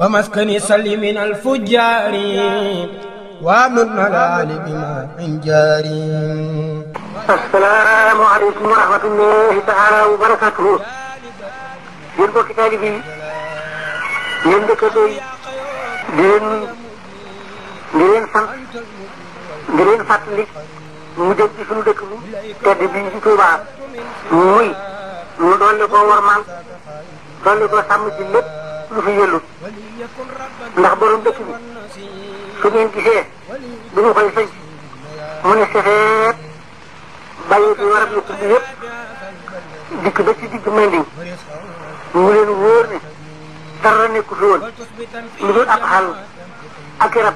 ومسكني صلي من الفجار وامن العالي بما من جاري السلام عليكم ورحمة الله تعالى وبركاته yéen mbokki taalibe yi yéen dëkkandoo yi di leen di leen sant di leen fàttali mu jëm ci suñu dëkk bi tedd bi ci Tuubaa muy mu dolli ko warmaal dolli ko sàmm ci lépp lépp lu fi yellut ndax borom dëkk bi su ngeen gisee bi ñu koy sëñ mu ne sefeet bàyyi bi warab yu tudd yëpp dikk ba ci digg Manding mu leen wóor ne dara nekku fi woon lu dul ab xàll i rab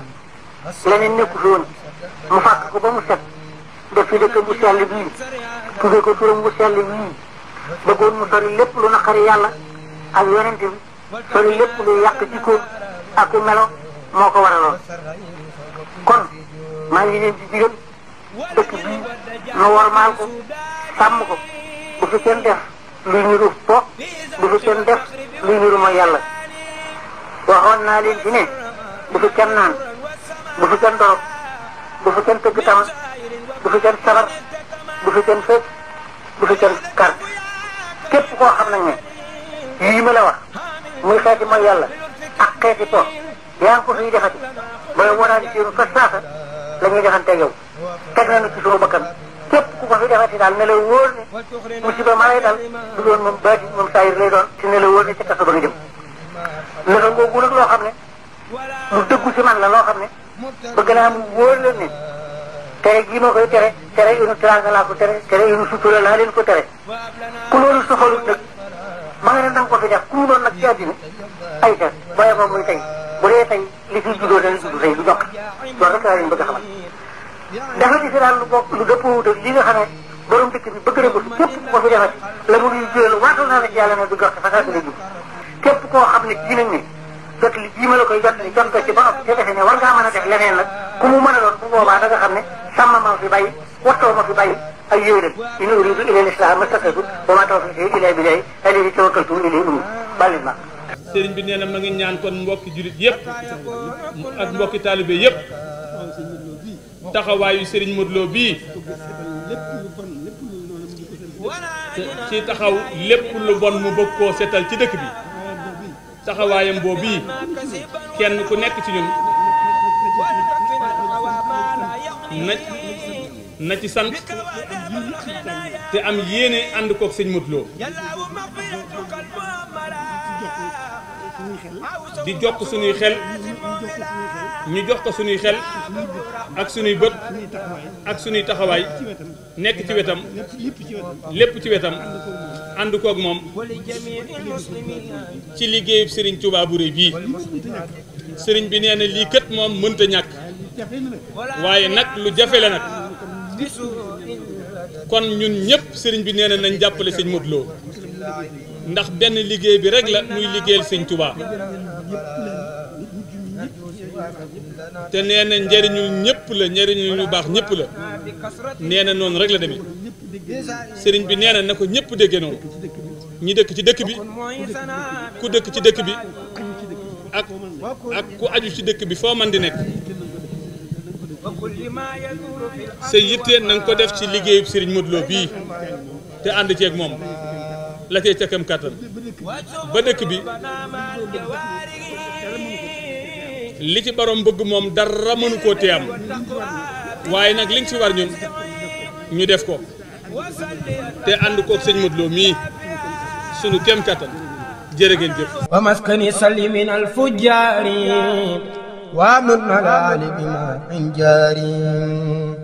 leneen nekku mu fàkk ko ba mu set def fi dëkk bu sell bii tuddee ko turam bu sell bii bëggoon mu sori lépp lu naqari yàlla ak kon lépp luy yàq jikko ak melo moo ko waraloon kon maa ngi leen dëkk bii ma warmaal ko sàmm ko bu fi kenn def luy niru po bu fi kenn def luy niru mooy yàlla waxoon naa leen fi ne bu fi kenn naan bu fi kenn dorog bu fi kenn tëgg tama bu fi kenn sabar bu fi kenn fecc bu fi kenn kar képp koo xam nañ ne yii la wax muy xeeti mooy yàlla ak xeeti po yaa ngi ko fiy defati booy waraani ci fa saasa la ñuy defante yow teg nañu ci suma bakkan képp ku ko fi defati daal ne la wóor ne musiba ma lay dal du doon moom baati moom saa yu lay doon te ne la wóor ne jëm lëfa ngoogu nag loo xam ne lu dëggu si man la loo xam ne bëgg naa mu wóor leen ne tere gii ma koy tere tere inu teraanga laa ko tere tere inu sutura laa leen ko tere ku loolu soxalut nag ma nga fi def ku mu doon nag ci àddina ay def booyee ko muy bu dee tey li fi juddoo dana judd tey du jokk loolu rek laa leen bëgg a xamal dafa di daal lu bokk li nga xam ne borom dëkk bi bëgg ko fi defati la mu ngi jël waatal naa la ci yàlla ne du jokk fasaa dina jub képp koo xam ne dinañ ne jot li jii ma la koy jot ni jot ko ci ba noppi te defe ne war ngaa mën a def leneen nag ku mu mën a bu boobaa da nga xam ne sàmm ma fi bàyyi wattoo ma fi bàyyi ay yooyu la in uridu ila l islah ma statatu wa ma tawfiqi ila billahi tawakkaltu ilayhi sëriñ bi nee na ma ngi ñaan kon mbokki jullit yëpp ak mbokki taalibe yëpp taxawaayu sëriñ Modou Lo ci taxaw lépp lu bon mu bëgg koo seetal ci dëkk bi taxawaayam boobu kenn ku nekk ci ñun na na ci sant te am yéene ànd kook sëñ Modou di jox ko suñuy xel ñu jox ko suñuy xel ak sunuy bët ak suñuy taxawaay nekk ci wetam lépp ci wetam ànd koog moom ci liggéeyub Serigne Touba bu rëy bii Serigne bi nee na lii kët moom mënta ñàkk waaye nag lu jafe la nag kon ñun ñëpp sëriñ bi nee na nañ jàppale sëñ Modou ndax benn liggéey bi rek la muy liggéeyal sëñ Tuubaa te nee na njëriñul ñëpp la njëriñul lu baax ñépp la nee na noonu rek la demee sëriñ bi nee na ko ñëpp déggee ñi dëkk ci dëkk bi ku dëkk ci dëkk bi ak ak ku aju ci dëkk bi foo man di nekk sa yittee na nga ko def ci liggéeyub sëriñ Modou Lo bii te ànd ceeg moom la cay càkkam kàttan ba dëkk bi li ci borom bëgg moom dara mënu koo téyam waaye nag li nga ci war ñun ñu def ko te ànd koog sëñ Modou Lo mii sunu kem kàttan jërë ngeen jëf wa maskani salli min al fujjaari wa mun malaali bi ma injaari